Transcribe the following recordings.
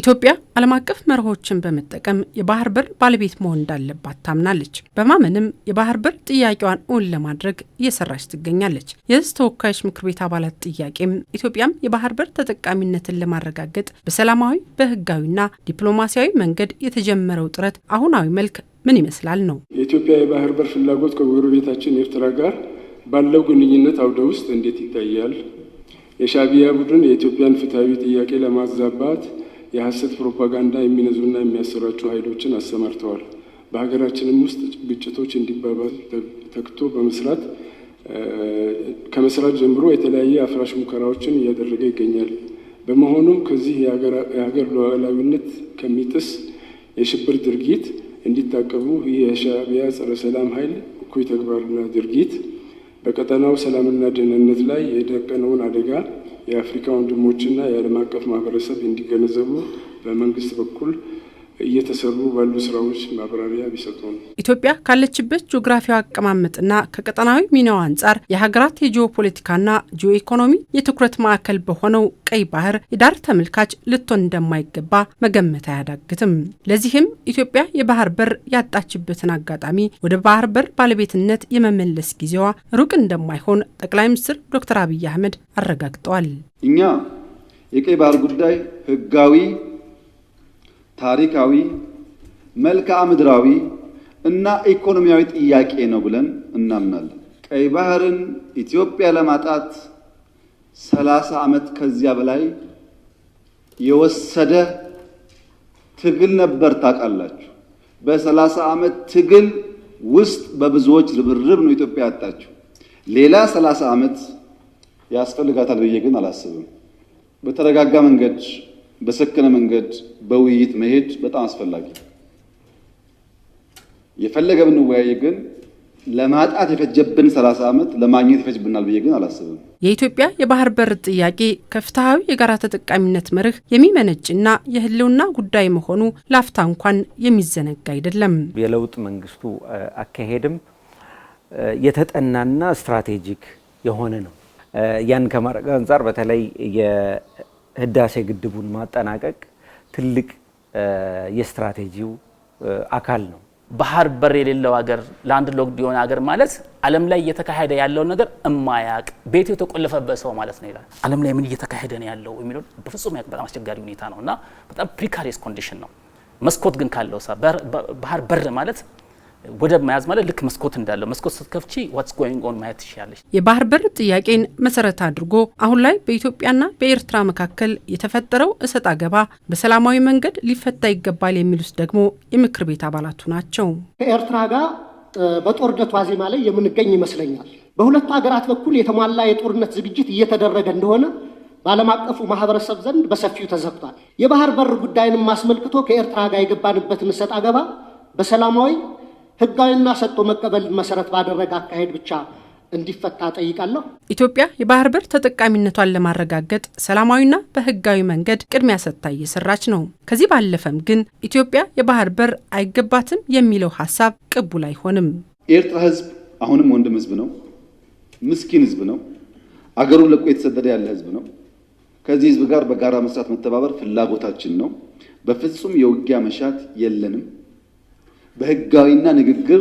ኢትዮጵያ ዓለም አቀፍ መርሆችን በመጠቀም የባህር በር ባለቤት መሆን እንዳለባት ታምናለች። በማመንም የባህር በር ጥያቄዋን እውን ለማድረግ እየሰራች ትገኛለች። የሕዝብ ተወካዮች ምክር ቤት አባላት ጥያቄም ኢትዮጵያም የባህር በር ተጠቃሚነትን ለማረጋገጥ በሰላማዊ ና ዲፕሎማሲያዊ መንገድ የተጀመረው ጥረት አሁናዊ መልክ ምን ይመስላል ነው። የኢትዮጵያ የባህር በር ፍላጎት ከጎረቤታችን ኤርትራ ጋር ባለው ግንኙነት አውደ ውስጥ እንዴት ይታያል? የሻቢያ ቡድን የኢትዮጵያን ፍትሐዊ ጥያቄ ለማዛባት የሐሰት ፕሮፓጋንዳ የሚነዙና የሚያሰራጩ ኃይሎችን አሰማርተዋል። በሀገራችንም ውስጥ ግጭቶች እንዲባባል ተግቶ በመስራት ከመስራት ጀምሮ የተለያየ አፍራሽ ሙከራዎችን እያደረገ ይገኛል። በመሆኑም ከዚህ የሀገር ሉዓላዊነት ከሚጥስ የሽብር ድርጊት እንዲታቀቡ ይህ የሻዕቢያ ጸረ ሰላም ኃይል እኩይ ተግባርና ድርጊት በቀጠናው ሰላምና ደህንነት ላይ የደቀነውን አደጋ የአፍሪካ ወንድሞችና የዓለም አቀፍ ማህበረሰብ እንዲገነዘቡ በመንግስት በኩል እየተሰሩ ባሉ ስራዎች ማብራሪያ ነው። ኢትዮጵያ ካለችበት ጂኦግራፊያዊ አቀማመጥና ከቀጠናዊ ሚናው አንጻር የሀገራት የጂኦፖለቲካና ጂኦ ኢኮኖሚ የትኩረት ማዕከል በሆነው ቀይ ባህር የዳር ተመልካች ልትሆን እንደማይገባ መገመት አያዳግትም። ለዚህም ኢትዮጵያ የባህር በር ያጣችበትን አጋጣሚ ወደ ባህር በር ባለቤትነት የመመለስ ጊዜዋ ሩቅ እንደማይሆን ጠቅላይ ሚኒስትር ዶክተር አብይ አህመድ አረጋግጠዋል። እኛ የቀይ ባህር ጉዳይ ህጋዊ ታሪካዊ፣ መልክዓ ምድራዊ እና ኢኮኖሚያዊ ጥያቄ ነው ብለን እናምናለን። ቀይ ባህርን ኢትዮጵያ ለማጣት ሰላሳ ዓመት ከዚያ በላይ የወሰደ ትግል ነበር። ታውቃላችሁ። በሰላሳ ዓመት ትግል ውስጥ በብዙዎች ርብርብ ነው ኢትዮጵያ ያጣችው። ሌላ ሰላሳ ዓመት ያስፈልጋታል ብዬ ግን አላስብም። በተረጋጋ መንገድ በሰከነ መንገድ በውይይት መሄድ በጣም አስፈላጊ ነው። የፈለገ ብንወያይ ግን ለማጣት የፈጀብን 30 ዓመት ለማግኘት ይፈጅብናል ብዬ ግን አላስብም። የኢትዮጵያ የባህር በር ጥያቄ ከፍትሐዊ የጋራ ተጠቃሚነት መርህ የሚመነጭና የህልውና ጉዳይ መሆኑ ላፍታ እንኳን የሚዘነጋ አይደለም። የለውጥ መንግስቱ አካሄድም የተጠናና ስትራቴጂክ የሆነ ነው። ያን ከማድረግ አንጻር በተለይ ህዳሴ ግድቡን ማጠናቀቅ ትልቅ የስትራቴጂው አካል ነው። ባህር በር የሌለው ሀገር ለአንድ ሎክድ የሆነ ሀገር ማለት ዓለም ላይ እየተካሄደ ያለውን ነገር እማያቅ ቤቱ የተቆለፈበት ሰው ማለት ነው ይላል። ዓለም ላይ ምን እየተካሄደ ነው ያለው የሚለው በፍጹም ያቅ በጣም አስቸጋሪ ሁኔታ ነው እና በጣም ፕሪካሪየስ ኮንዲሽን ነው። መስኮት ግን ካለው ባህር በር ማለት ወደብ መያዝ ማለት ልክ መስኮት እንዳለው መስኮት ስትከፍቺ ዋትስ ጎይንግ ኦን ማየት ትችላለች። የባህር በር ጥያቄን መሰረት አድርጎ አሁን ላይ በኢትዮጵያና በኤርትራ መካከል የተፈጠረው እሰጥ አገባ በሰላማዊ መንገድ ሊፈታ ይገባል የሚሉት ደግሞ የምክር ቤት አባላቱ ናቸው። ከኤርትራ ጋር በጦርነት ዋዜማ ላይ የምንገኝ ይመስለኛል። በሁለቱ ሀገራት በኩል የተሟላ የጦርነት ዝግጅት እየተደረገ እንደሆነ በዓለም አቀፉ ማህበረሰብ ዘንድ በሰፊው ተዘግቷል። የባህር በር ጉዳይንም አስመልክቶ ከኤርትራ ጋር የገባንበትን እሰጥ አገባ በሰላማዊ ህጋዊና ሰጥቶ መቀበል መሰረት ባደረገ አካሄድ ብቻ እንዲፈታ ጠይቃለሁ። ኢትዮጵያ የባህር በር ተጠቃሚነቷን ለማረጋገጥ ሰላማዊና በህጋዊ መንገድ ቅድሚያ ሰጥታ እየሰራች ነው። ከዚህ ባለፈም ግን ኢትዮጵያ የባህር በር አይገባትም የሚለው ሀሳብ ቅቡል አይሆንም። የኤርትራ ህዝብ አሁንም ወንድም ህዝብ ነው፣ ምስኪን ህዝብ ነው፣ አገሩን ለቆ የተሰደደ ያለ ህዝብ ነው። ከዚህ ህዝብ ጋር በጋራ መስራት መተባበር ፍላጎታችን ነው። በፍጹም የውጊያ መሻት የለንም። በህጋዊና ንግግር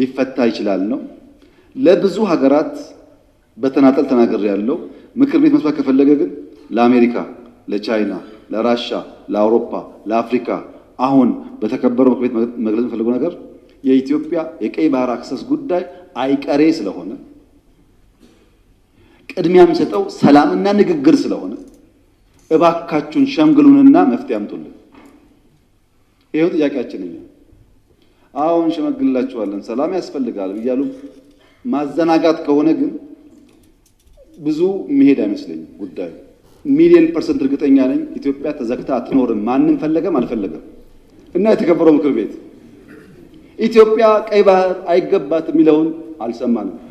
ሊፈታ ይችላል ነው። ለብዙ ሀገራት በተናጠል ተናገር ያለው ምክር ቤት መስማት ከፈለገ ግን ለአሜሪካ፣ ለቻይና፣ ለራሻ፣ ለአውሮፓ፣ ለአፍሪካ አሁን በተከበረው ምክር ቤት መግለጽ የፈለገው ነገር የኢትዮጵያ የቀይ ባህር አክሰስ ጉዳይ አይቀሬ ስለሆነ ቅድሚያ የሚሰጠው ሰላምና ንግግር ስለሆነ እባካችሁን ሸምግሉንና መፍትሄ አምጡልን። ይሄው ጥያቄያችን ነው። አሁን ሸመግላችኋለን፣ ሰላም ያስፈልጋል እያሉ ማዘናጋት ከሆነ ግን ብዙ መሄድ አይመስለኝም ጉዳዩ። ሚሊዮን ፐርሰንት እርግጠኛ ነኝ ኢትዮጵያ ተዘግታ አትኖርም፣ ማንም ፈለገም አልፈለገም። እና የተከበረው ምክር ቤት ኢትዮጵያ ቀይ ባህር አይገባት የሚለውን አልሰማንም።